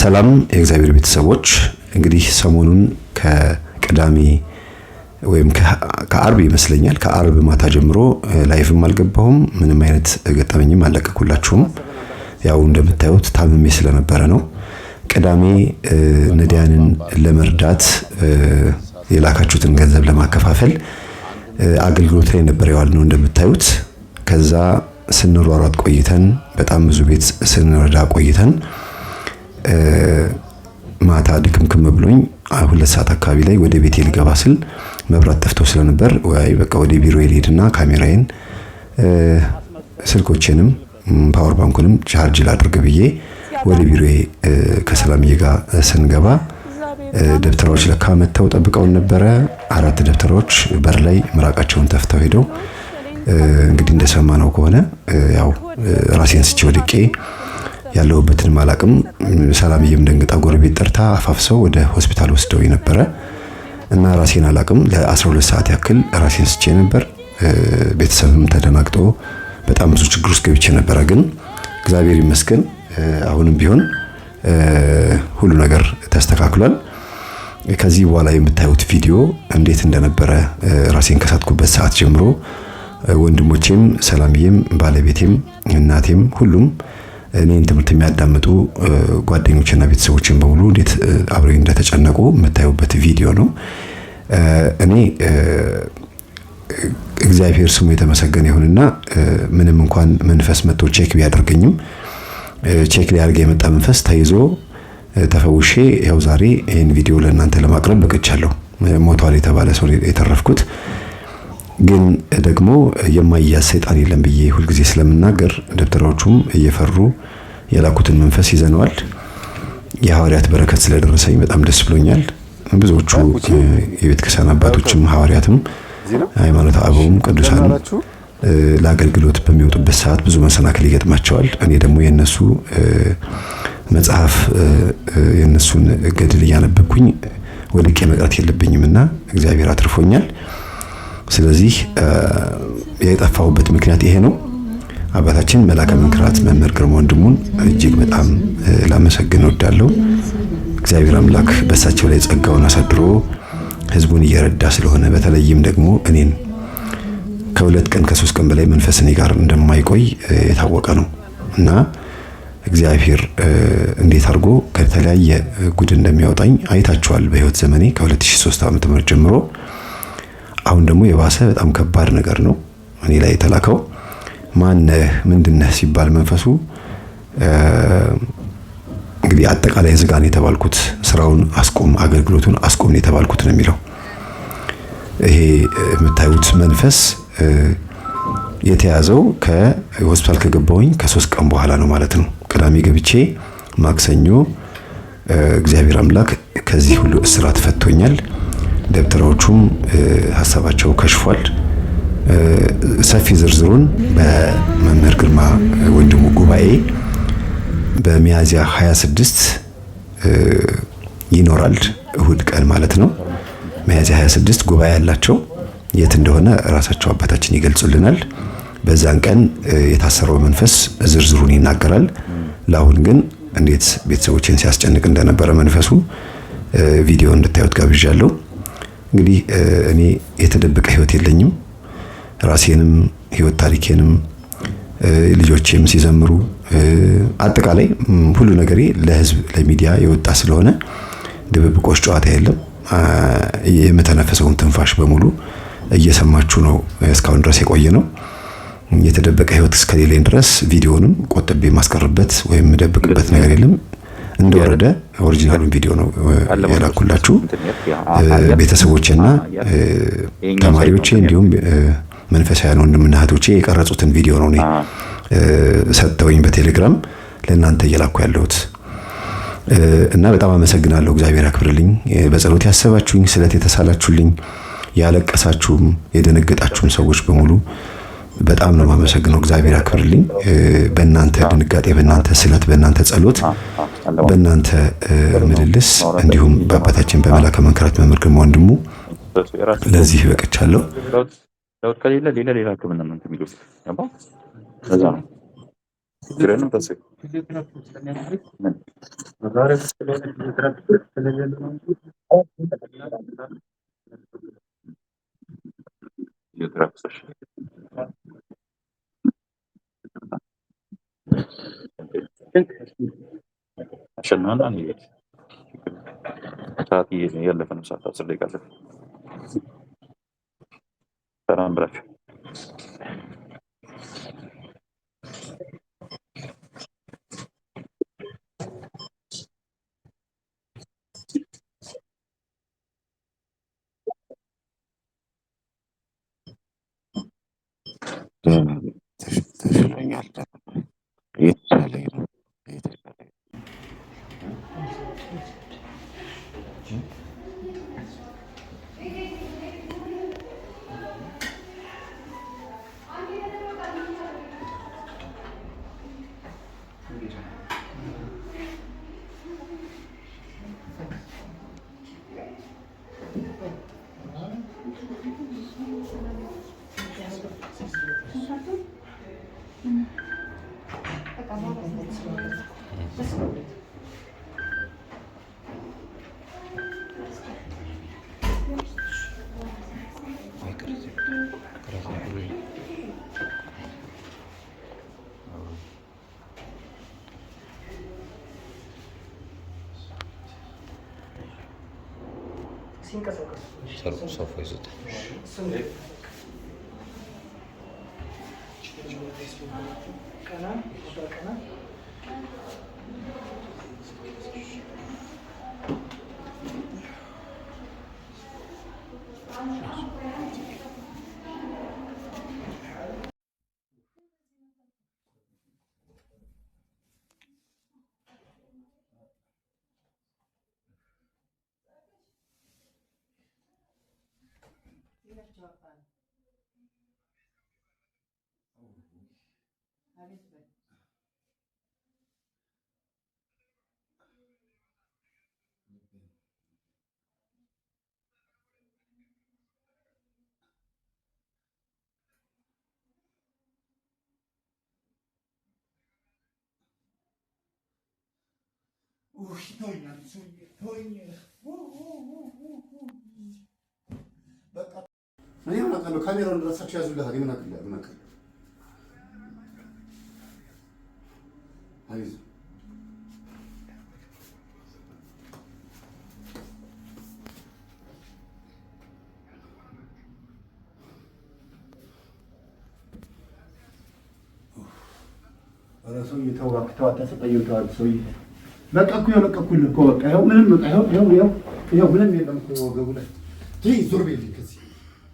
ሰላም የእግዚአብሔር ቤተሰቦች እንግዲህ ሰሞኑን ከቅዳሜ ወይም ከአርብ ይመስለኛል ከአርብ ማታ ጀምሮ ላይቭም አልገባሁም፣ ምንም አይነት ገጠመኝም አልለቀኩላችሁም። ያው እንደምታዩት ታምሜ ስለነበረ ነው። ቅዳሜ ነዳያንን ለመርዳት የላካችሁትን ገንዘብ ለማከፋፈል አገልግሎት ላይ ነበር የዋል ነው እንደምታዩት። ከዛ ስንሯሯጥ ቆይተን በጣም ብዙ ቤት ስንረዳ ቆይተን ማታ ድክምክም ብሎኝ ሁለት ሰዓት አካባቢ ላይ ወደ ቤቴ ልገባ ስል መብራት ጠፍቶ ስለነበር ወይ በቃ ወደ ቢሮ ልሄድና ካሜራዬን ስልኮቼንም ፓወር ባንኩንም ቻርጅ ላድርግ ብዬ ወደ ቢሮ ከሰላምዬ ጋር ስንገባ ደብተራዎች ለካ መተው ጠብቀውን ነበረ። አራት ደብተራዎች በር ላይ ምራቃቸውን ተፍተው ሄደው እንግዲህ እንደሰማነው ከሆነ ያው ራሴን ስቼ ወድቄ ያለሁበትን አላቅም። ሰላምዬም ደንግጣ ጎረቤት ጠርታ አፋፍሰው ወደ ሆስፒታል ወስደው ነበረ እና ራሴን አላቅም። ለ12 ሰዓት ያክል ራሴን ስቼ ነበር። ቤተሰብም ተደናግጦ በጣም ብዙ ችግር ውስጥ ገብቼ ነበረ። ግን እግዚአብሔር ይመስገን አሁንም ቢሆን ሁሉ ነገር ተስተካክሏል። ከዚህ በኋላ የምታዩት ቪዲዮ እንዴት እንደነበረ ራሴን ከሳትኩበት ሰዓት ጀምሮ ወንድሞቼም፣ ሰላምዬም፣ ባለቤቴም፣ እናቴም ሁሉም እኔን ትምህርት የሚያዳምጡ ጓደኞችና ቤተሰቦችን በሙሉ እንዴት አብረው እንደተጨነቁ የምታዩበት ቪዲዮ ነው። እኔ እግዚአብሔር ስሙ የተመሰገነ ይሁንና ምንም እንኳን መንፈስ መጥቶ ቼክ ቢያደርገኝም ቼክ ሊያደርገ የመጣ መንፈስ ተይዞ ተፈውሼ ያው ዛሬ ይህን ቪዲዮ ለእናንተ ለማቅረብ በቅቻለሁ። ሞቷል የተባለ ሰው የተረፍኩት ግን ደግሞ የማይያዝ ሰይጣን የለም ብዬ ሁልጊዜ ስለምናገር ደብተራዎቹም እየፈሩ የላኩትን መንፈስ ይዘነዋል። የሐዋርያት በረከት ስለደረሰኝ በጣም ደስ ብሎኛል። ብዙዎቹ የቤተ ክርስቲያን አባቶችም ሐዋርያትም ሃይማኖት አበውም ቅዱሳንም ለአገልግሎት በሚወጡበት ሰዓት ብዙ መሰናክል ይገጥማቸዋል። እኔ ደግሞ የነሱ መጽሐፍ የነሱን ገድል እያነበብኩኝ ወድቄ መቅረት የለብኝም እና እግዚአብሔር አትርፎኛል። ስለዚህ የጠፋሁበት ምክንያት ይሄ ነው። አባታችን መላከ መንክራት መምህር ግርማ ወንድሙን እጅግ በጣም ላመሰግን እወዳለሁ። እግዚአብሔር አምላክ በእሳቸው ላይ ጸጋውን አሳድሮ ህዝቡን እየረዳ ስለሆነ በተለይም ደግሞ እኔን ከሁለት ቀን ከሶስት ቀን በላይ መንፈስ እኔ ጋር እንደማይቆይ የታወቀ ነው እና እግዚአብሔር እንዴት አድርጎ ከተለያየ ጉድ እንደሚያወጣኝ አይታችኋል። በህይወት ዘመኔ ከ2003 ዓ.ም ጀምሮ አሁን ደግሞ የባሰ በጣም ከባድ ነገር ነው እኔ ላይ የተላከው። ማነህ ምንድነህ ሲባል መንፈሱ እንግዲህ አጠቃላይ ዝጋን የተባልኩት። ስራውን አስቆም፣ አገልግሎቱን አስቆም የተባልኩት ነው የሚለው። ይሄ የምታዩት መንፈስ የተያዘው ከሆስፒታል ከገባሁኝ ከሶስት ቀን በኋላ ነው ማለት ነው። ቅዳሜ ገብቼ ማክሰኞ እግዚአብሔር አምላክ ከዚህ ሁሉ እስራት ፈቶኛል። ደብተራዎቹም ሀሳባቸው ከሽፏል። ሰፊ ዝርዝሩን በመምህር ግርማ ወንድሙ ጉባኤ በሚያዝያ 26 ይኖራል። እሁድ ቀን ማለት ነው። ሚያዝያ 26 ጉባኤ ያላቸው የት እንደሆነ ራሳቸው አባታችን ይገልጹልናል። በዛን ቀን የታሰረው መንፈስ ዝርዝሩን ይናገራል። ለአሁን ግን እንዴት ቤተሰቦችን ሲያስጨንቅ እንደነበረ መንፈሱ ቪዲዮ እንድታዩት ጋብዣለሁ። እንግዲህ እኔ የተደበቀ ህይወት የለኝም። ራሴንም ህይወት ታሪኬንም ልጆቼም ሲዘምሩ አጠቃላይ ሁሉ ነገሬ ለህዝብ ለሚዲያ የወጣ ስለሆነ ድብብቆች ጨዋታ የለም። የምተነፈሰውን ትንፋሽ በሙሉ እየሰማችሁ ነው እስካሁን ድረስ የቆየ ነው። የተደበቀ ህይወት እስከሌለኝ ድረስ ቪዲዮንም ቆጥቤ ማስቀርበት ወይም የምደብቅበት ነገር የለም። እንደወረደ ኦሪጂናሉን ቪዲዮ ነው የላኩላችሁ ቤተሰቦቼና ተማሪዎቼ እንዲሁም መንፈሳውያን ወንድምና እህቶቼ የቀረጹትን ቪዲዮ ነው እኔ ሰጥተውኝ በቴሌግራም ለእናንተ እየላኩ ያለሁት እና በጣም አመሰግናለሁ። እግዚአብሔር አክብርልኝ በጸሎት ያሰባችሁኝ፣ ስለት የተሳላችሁልኝ፣ ያለቀሳችሁም የደነገጣችሁም ሰዎች በሙሉ በጣም ነው የማመሰግነው። እግዚአብሔር አክብርልኝ። በእናንተ ድንጋጤ፣ በእናንተ ስለት፣ በእናንተ ጸሎት፣ በእናንተ ምልልስ እንዲሁም በአባታችን በመላከ መንክራት መምህር ግርማ ወንድሙ ለዚህ ይበቅቻለሁ። ሰዓት እያለፈ ነው። ሰዓት አስር ደቂቃ Só, foi isso. Japan. Oh. Haven't been. Uy, ቶኛ ቶኛ በቃ እኔ ምን አውቃለሁ? ካሜራውን ራሳቸው ያዙላታል። ምን አውቃለሁ? ምን አውቃለሁ? አይዞህ እራሱ ተው እባክህ ተው አታሰቃየው። ተው አንተ ሰውዬ በቃ እኮ ይኸው እኮ በቃ ይኸው ምንም በቃ ይኸው ይኸው ይኸው ምንም የለም እኮ ወገቡ ላይ ዞር ቤልኝ ከዚህ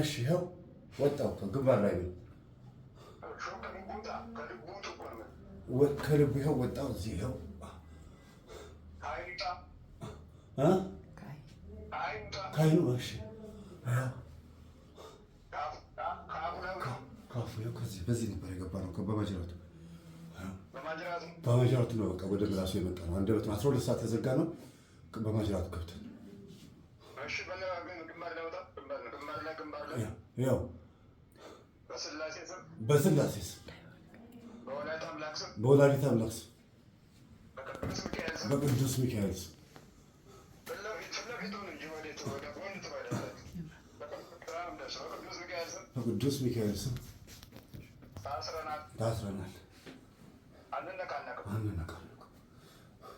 እሺ ይኸው ወጣው ግንባር ላይ ነው ከልቡ ይኸው ወጣው እዚህ ይኸው ካይኑ እሺ ካፉ ይኸው ከዚህ በዚህ ነበር የገባ ነው በማጅራቱ በማጅራቱ ነው በቃ ወደ ምላሱ የመጣ ነው። አንደበቱን አስራ ሁለት ሰዓት የዘጋ ነው በመስራት ከብት በስላሴ ስም በወላዲት አምላክ ስም በቅዱስ ሚካኤል ስም በቅዱስ ሚካኤል ስም ታስረናል። አንነካ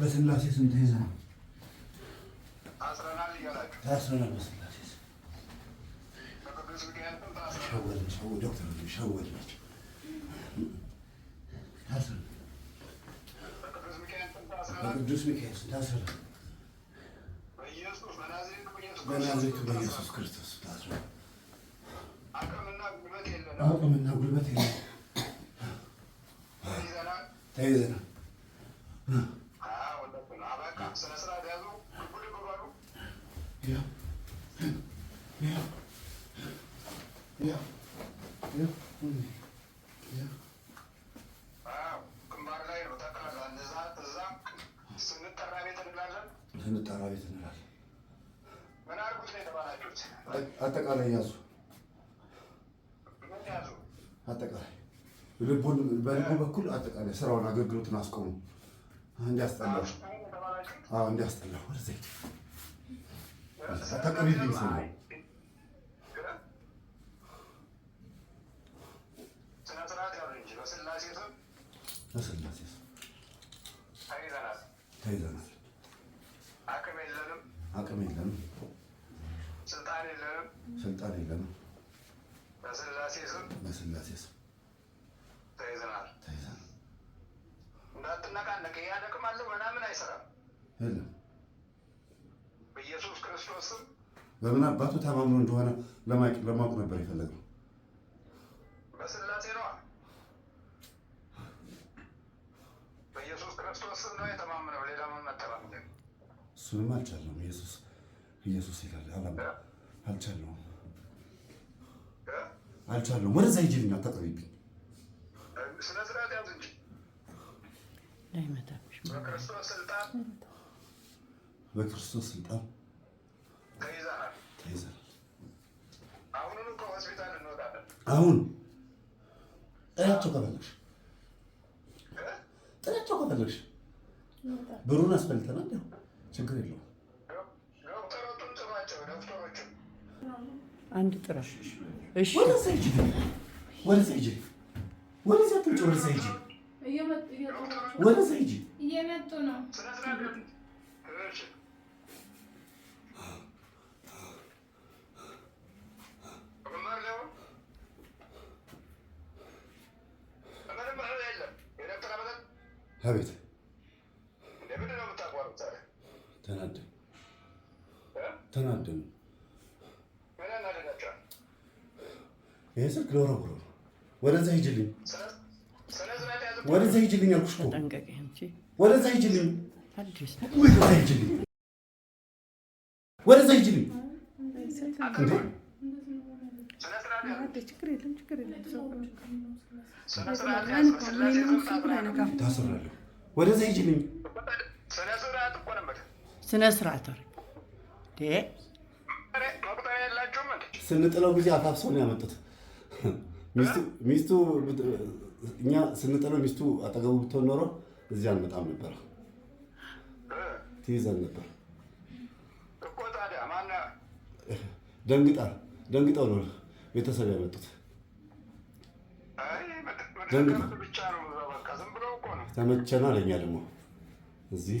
በስላሴ ስም ይዘ ነው ታስረናል በስላሴ ስም ዶክተር ሸወድ ናቸው። በቅዱስ ሚካኤል ስም ታስረናል። በናዝሬቱ በኢየሱስ ክርስቶስ ታስረናል። አቅምና ጉልበት የለም ተይዘናል። Yeah. Yeah. ስንጠራ ቤት አጠቃላይ ያዙ፣ አጠቃላይ ልቡን በልቡ በኩል አጠቃላይ ስራውን አገልግሎትን አስቆሙ። እንዲያስጠላው እንዲያስጠላው ተቀቢልኝ ሰ ተይዘናል። አቅም የለንም፣ አቅም የለንም፣ ስልጣን የለንም፣ ስልጣን የለንም። በስላሴ ስም፣ በስላሴ ስም ተይዘናል፣ ተይዘናል። እንዳትነቃነቅ ያደቅማለሁ ምናምን አይሰራም፣ የለም። በኢየሱስ ክርስቶስ ስም በምን አባቱ ተማምኖ እንደሆነ ለማወቅ ነበር የፈለግነው። እሱንም አልቻልነውም። ኢየሱስ ኢየሱስ ይላል አላ አልቻልነውም አልቻልነውም። ወደዛ ሂጂልኝ አታጠቢብኝ። በክርስቶስ ስልጣን ተይዘናል። አሁን ጥራቸው ከፈለግሽ ጥራቸው ከፈለግሽ ብሩን አስፈልተናል። ችግር የለውም። አንድ ጥራ እሺ፣ ወደዛ ሂጂ፣ ወደዛ ትምጪ፣ ወደዛ ሂጂ፣ ወደዛ ሂጂ። እየመጡ ነው። አቤት ተናደን ተናደን ይሄ ስልክ ለወረወረ ወደዛ ሂጅልኝ፣ ወደዛ ሂጅልኝ አልኩሽ እኮ ወደዛ ሂጅልኝ፣ ወደዛ ሂጅልኝ፣ ወደዛ ሂጅልኝ። ታስራለሁ። ወደዛ ሂጅልኝ ስነ ስርዓት ስንጥለው ጊዜ አፋፍሰው ነው ያመጡት። ሚስቱ እኛ ስንጥለው ሚስቱ አጠገቡ ብትሆን ኖሮ እዚህ አንመጣም ነበር፣ ትይዘን ነበር። ደንግጣ ደንግጠው ነው ቤተሰብ ያመጡት። ተመቸና ለእኛ ደግሞ እዚህ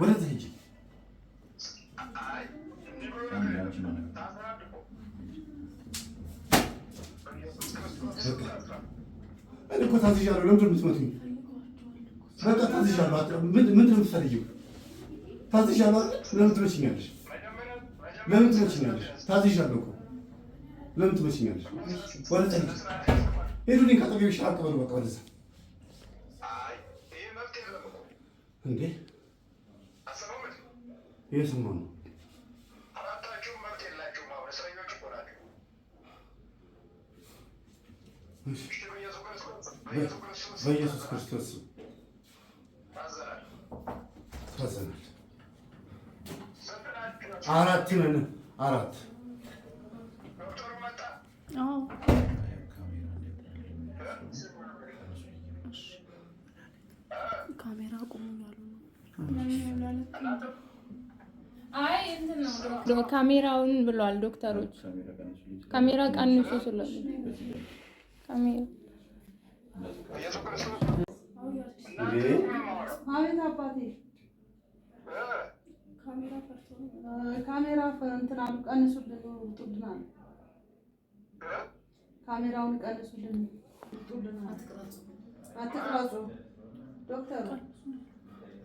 ወደዚህ ሂጂ። እኔ እኮ ታዝዣለሁ። ለምንድን ነው የምትመቱኝ? በቃ ታዝዣለሁ። ምንድን ነው የምትፈልጊው? ታዝዣለሁ። ለምን ትመችኛለሽ? ለምን ትመችኛለሽ? ታዝዣለሁ እኮ ለምን ትመችኛለሽ? ወደዚያ ሄዱ። እኔን ካጠገብሽ አቅበሉ። በቃ ወደዚያ እንዴ Yesin bunu. Ve, ve Yesus Kristus kazanır. Arattın onu. Arat. Aa. Kamera koymuyor. Kamera koymuyor. ካሜራውን ብለዋል ዶክተሮች። ካሜራ ቀንሱ ስላሉ ካሜራ ቀንሱልን ካሜራውን ቀንሱልን ውጡልናል። አትቅረጹ ዶክተር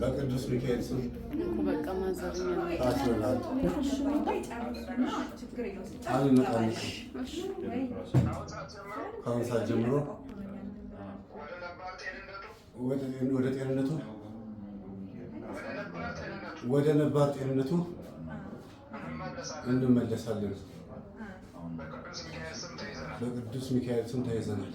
በቅዱስ ሚካኤል ስም ታስበናል። አንመጣልሽ ከአሁን ሰዓት ጀምሮ ወደ ጤንነቱ ወደ ነባር ጤንነቱ እንመለሳለን። በቅዱስ ሚካኤል ስም ተይዘናል።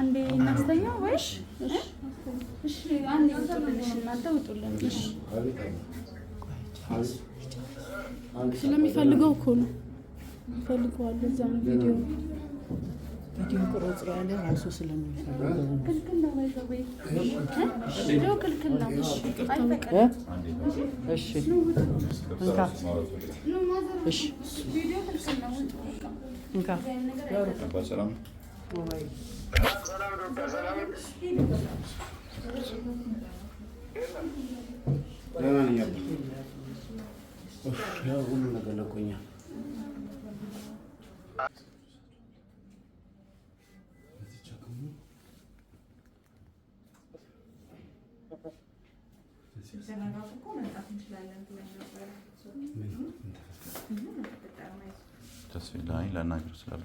አንዴ እናስተኛ ወይሽ እሺ፣ አንዴ ውጡልሽ፣ እናንተ ውጡልን። እሺ፣ ስለሚፈልገው እኮ ነው ይፈልገዋል። እዛም ቪዲዮ ቪዲዮ ቅርጽ ያለ ራሱ ስለሚፈልገው ክልክል ነው ወይ ወይ እሺ፣ እሺ፣ ለማንኛውም ያው ሁሉ ነገር ለቆኛል። ተስፋዬ ለእናገር ስላለ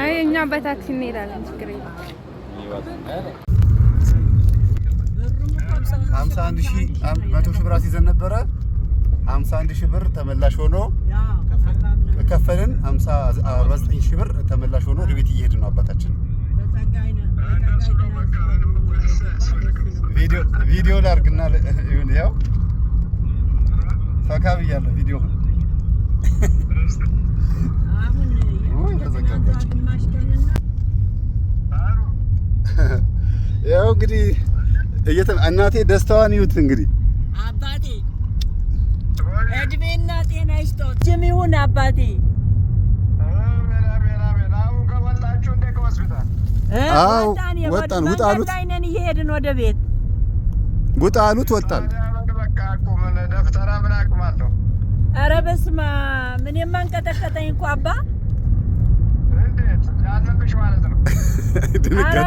አይ እኛ በታክሲ እንሄዳለን። 51 ሺህ 100 ሺህ ብር አስይዘን ነበረ። 51 ሺህ ብር ተመላሽ ሆኖ ከፈልን። 49 ሺህ ብር ተመላሽ ሆኖ ወደ ቤት ነው። አባታችን ቪዲዮ ላድርግና ይሁን ያው ፈካ ብያለሁ ቪዲዮ ያው እንግዲህ እናቴ ደስታዋን ይዩት እንግዲህ አባቴ እድሜና ጤና ይስጦት። ስም ይሁን አባቴ አዎ ወጣን። ውጣ አሉት አይነን እየሄድን ወደ ቤት ውጣ አሉት። ወጣን። ኧረ በስመ አብ እኔማ አንቀጠቀጠኝ እኮ አባ ድንጋጤ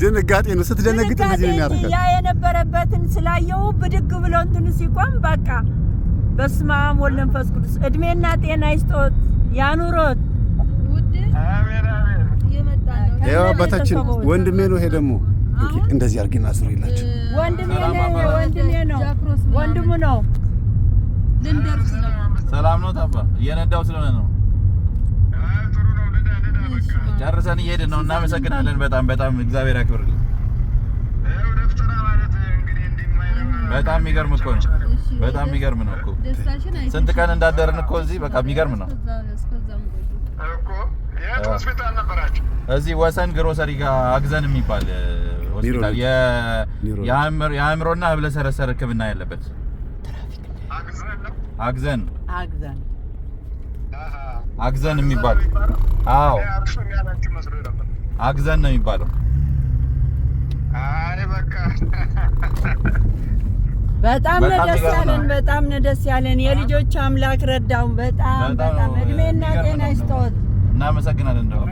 ድንጋጤ ነው። ስትደነግጥ እንደዚህ ነው የሚያደርገው። ያ የነበረበትን ስላየው ብድግ ብሎ እንትኑ ሲቆም በቃ በስመ አብ ወወልድ ወመንፈስ ቅዱስ እድሜና ጤና ይስጦት ያኑሮት። ያው አባታችን ወንድሜ ነው። ይሄ ደግሞ እንደዚህ አድርጊና አስሩላችሁ። ወንድሜ ነው፣ ወንድሜ ነው፣ ወንድሙ ነው። ሰላም ነው ታባ እየነዳው ስለሆነ ነው ጨርሰን እየሄድን ነው። እናመሰግናለን። በጣም በጣም እግዚአብሔር ያክብርልን። በጣም የሚገርም እኮ ነው። በጣም የሚገርም ነው እኮ ስንት ቀን እንዳደርን እኮ እዚህ በቃ የሚገርም ነው እኮ። የት ሆስፒታል ነበራችሁ? እዚህ ወሰን ግሮሰሪ ጋር አግዘን የሚባል ሆስፒታል የአእምሮና ህብለሰረሰር ሕክምና ያለበት አግዘን አግዘን አግዘን የሚባል አዎ፣ አግዘን ነው የሚባለው። አይ በቃ በጣም ነው ደስ ያለን፣ በጣም ነው ደስ ያለን። የልጆች አምላክ ረዳው። በጣም በጣም እድሜና ጤና ይስጠዎት። እናመሰግናለን። እንደው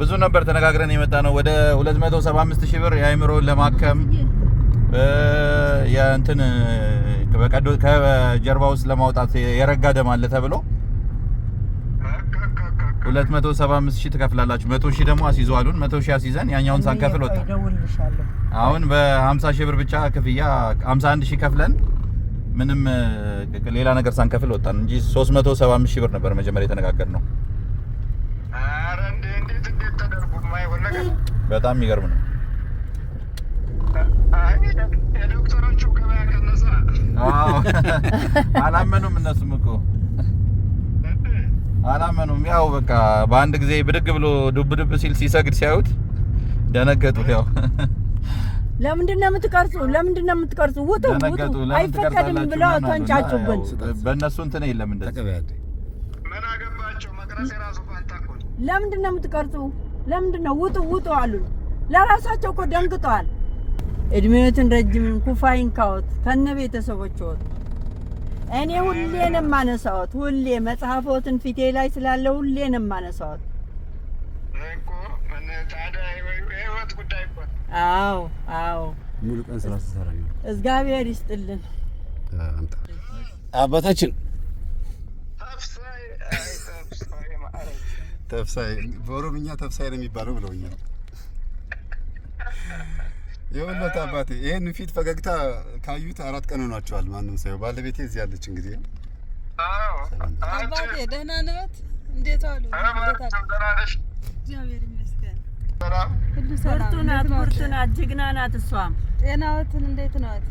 ብዙ ነበር ተነጋግረን የመጣ ነው። ወደ 275 ሺህ ብር የአእምሮን ለማከም የእንትን ከጀርባ ውስጥ ለማውጣት የረጋ ደም አለ ተብሎ 275 ሺህ ትከፍላላችሁ። 100 ሺህ ደግሞ አስይዘዋሉን። 100 ሺህ አስይዘን ያኛውን ሳንከፍል ወጣ። አሁን በ50 ሺህ ብር ብቻ ክፍያ 51 ሺህ ከፍለን ምንም ሌላ ነገር ሳንከፍል ወጣን እንጂ 375 ሺህ ብር ነበር መጀመሪያ የተነጋገርነው። በጣም የሚገርም ነው። የዶክተሮቹ ገበያ ቀነሰ። አላመኑም፣ እነሱም እኮ አላመኑም። ያው በቃ በአንድ ጊዜ ብድግ ብሎ ዱብ ዱብ ሲል ሲሰግድ ሲያዩት ደነገጡ። ያው ለምንድን ነው የምትቀርጹ? ለምንድን ነው የምትቀርጹ? ውጡ ውጡ፣ አይፈቀድም ብለው ተንጫጩብን። በእነሱ እንትን የለም እንደዚህ። ምን አገባቸው? መቅረጽ የራሱ ባንታኮል። ለምንድን ነው የምትቀርጹ? ለምንድን ነው ውጡ ውጡ አሉ። ለራሳቸው እኮ ደንግጠዋል። እድሜዎትን ረጅም ኩፋይን ካወት ከነ ቤተሰቦች ወት እኔ ሁሌንም ማነሳዎት ሁሌ መጽሐፎትን ፊቴ ላይ ስላለ ሁሌንም ማነሳዎት። አዎ አዎ፣ ሙሉ ቀን ስራ ስትሰራ እግዚአብሔር ይስጥልን አባታችን ተፍሳይ። በኦሮምኛ ተፍሳይ ነው የሚባለው ብለውኛል። የወለት አባቴ ይሄን ፊት ፈገግታ ካዩት አራት ቀን ሆኗቸዋል። ማንም ሰው ባለቤቴ እዚህ ያለች እንግዲህ። አባቴ ደህና ነዎት? እንዴት አሉ? እግዚአብሔር ይመስገን። ብርቱ ናት፣ ጀግና ናት። እሷም ጤናዎትን እንዴት ነዎት?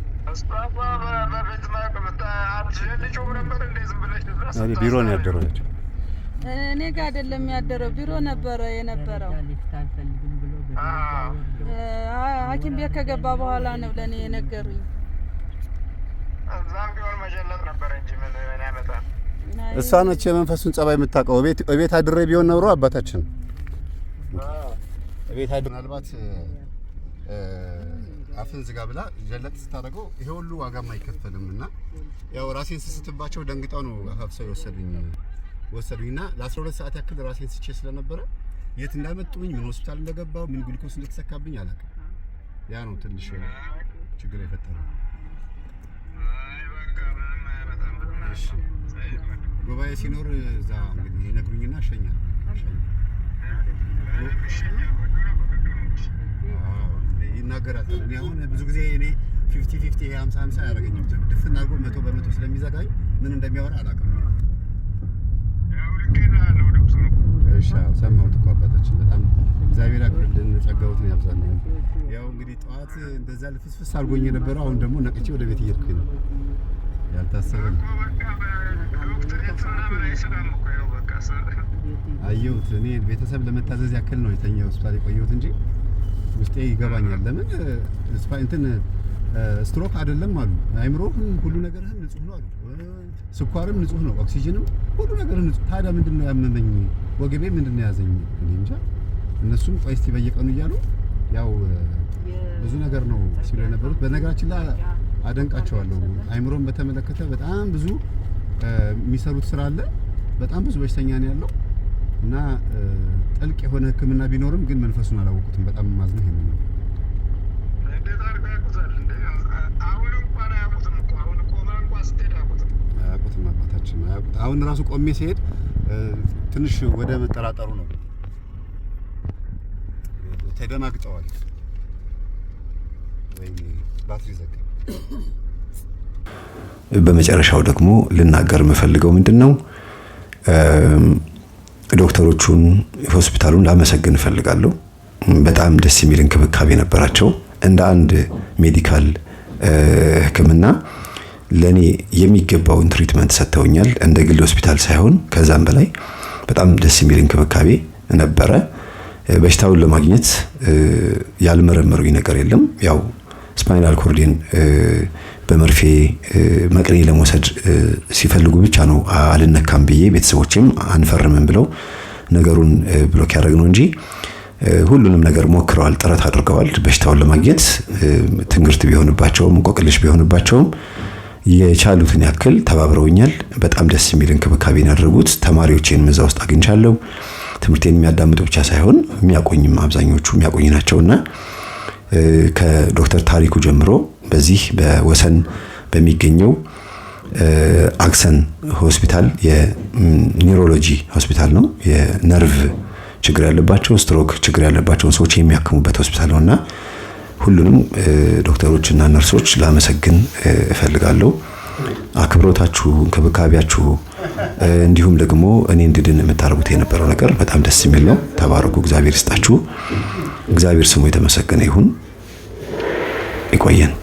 ቢሮ ነው ያደረው። እኔ ጋር አይደለም ያደረው፣ ቢሮ ነበረ የነበረው ሐኪም ቤት ከገባ በኋላ ነው ለእኔ የነገሩኝ። እዛም ቢሆን መጀለጥ ነበረ እንጂ ምን ያመጣል። እሷ ነች የመንፈሱን ጸባይ የምታውቀው። እቤት አድሬ ቢሆን ኖሮ አባታችን እቤት አድሬ ምናልባት አፍን ዝጋ ብላ ጀለጥ ስታደርገው ይሄ ሁሉ ዋጋም አይከፈልም እና ያው ራሴን ስስትባቸው ደንግጠው ነው ሀብሰው የወሰዱኝ ወሰዱኝና ለ12 ሰዓት ያክል ራሴን ስቼ ስለነበረ የት እንዳመጡኝ ምን ሆስፒታል እንደገባው ምን ግሊኮስ እንደተሰካብኝ አላውቅም። ያ ነው ትንሽ ችግር የፈጠረው። ጉባኤ ሲኖር እዛ እንግዲህ ይነግሩኝና እሸኛለሁ። ይናገራል። እኔ አሁን ብዙ ጊዜ እኔ ፊፍቲ ፊፍቲ ይሄ ሀምሳ ሀምሳ አያደርገኝም። ድፍና ጎን መቶ በመቶ ስለሚዘጋኝ ምን እንደሚያወራ አላውቅም። እሺ ሰማሁት እኮ አባታችን በጣም እግዚአብሔር አክብርልን፣ ጸጋዎትን ያብዛልን። ያው እንግዲህ ጠዋት እንደዛ ልፍስፍስ አድርጎኝ የነበረው አሁን ደግሞ ነቅቼ ወደ ቤት እየሄድኩኝ ነው። ያልታሰበ አየሁት። እኔ ቤተሰብ ለመታዘዝ ያክል ነው የተኛ ሆስፒታል የቆየሁት እንጂ ውስጤ ይገባኛል። ለምን እንትን ስትሮክ አይደለም አሉ። አይምሮህም ሁሉ ነገርህም ንጹህ ነው አሉ። ስኳርም ንጹህ ነው፣ ኦክሲጅንም ሁሉ ነገር ንጹህ። ታዲያ ምንድን ነው ያመመኝ? ወገቤ ምንድን ነው ያዘኝ? እኔ እንጃ። እነሱም ቆይ እስቲ በየቀኑ እያሉ ያው ብዙ ነገር ነው ሲሉ የነበሩት። በነገራችን ላይ አደንቃቸዋለሁ። አይምሮን በተመለከተ በጣም ብዙ የሚሰሩት ስራ አለ። በጣም ብዙ በሽተኛ ነው ያለው እና ጥልቅ የሆነ ሕክምና ቢኖርም ግን መንፈሱን አላወቁትም። በጣም ማዝነህ ነው ነገሮችን አሁን ራሱ ቆሜ ሲሄድ ትንሽ ወደ መጠራጠሩ ነው። ተደናግጠዋል። ባትሪ በመጨረሻው ደግሞ ልናገር የምፈልገው ምንድን ነው፣ ዶክተሮቹን ሆስፒታሉን ላመሰግን እፈልጋለሁ። በጣም ደስ የሚል እንክብካቤ ነበራቸው። እንደ አንድ ሜዲካል ሕክምና ለእኔ የሚገባውን ትሪትመንት ሰጥተውኛል። እንደ ግል ሆስፒታል ሳይሆን ከዛም በላይ በጣም ደስ የሚል እንክብካቤ ነበረ። በሽታውን ለማግኘት ያልመረመሩኝ ነገር የለም። ያው ስፓይናል ኮርዴን በመርፌ መቅኔ ለመውሰድ ሲፈልጉ ብቻ ነው አልነካም ብዬ ቤተሰቦችም አንፈርምም ብለው ነገሩን ብሎክ ያደረግ ነው እንጂ ሁሉንም ነገር ሞክረዋል፣ ጥረት አድርገዋል። በሽታውን ለማግኘት ትንግርት ቢሆንባቸውም እንቆቅልሽ ቢሆንባቸውም የቻሉትን ያክል ተባብረውኛል። በጣም ደስ የሚል እንክብካቤን ያደረጉት ተማሪዎቼን እዛ ውስጥ አግኝቻለሁ። ትምህርቴን የሚያዳምጡ ብቻ ሳይሆን የሚያቆኝም አብዛኞቹ የሚያቆኝ ናቸውና ከዶክተር ታሪኩ ጀምሮ በዚህ በወሰን በሚገኘው አክሰን ሆስፒታል የኒውሮሎጂ ሆስፒታል ነው። የነርቭ ችግር ያለባቸው ስትሮክ ችግር ያለባቸውን ሰዎች የሚያክሙበት ሆስፒታል ነውና ሁሉንም ዶክተሮችና ነርሶች ላመሰግን እፈልጋለሁ። አክብሮታችሁ፣ እንክብካቤያችሁ እንዲሁም ደግሞ እኔ እንድድን የምታደርጉት የነበረው ነገር በጣም ደስ የሚል ነው። ተባረኩ። እግዚአብሔር ይስጣችሁ። እግዚአብሔር ስሙ የተመሰገነ ይሁን። ይቆየን።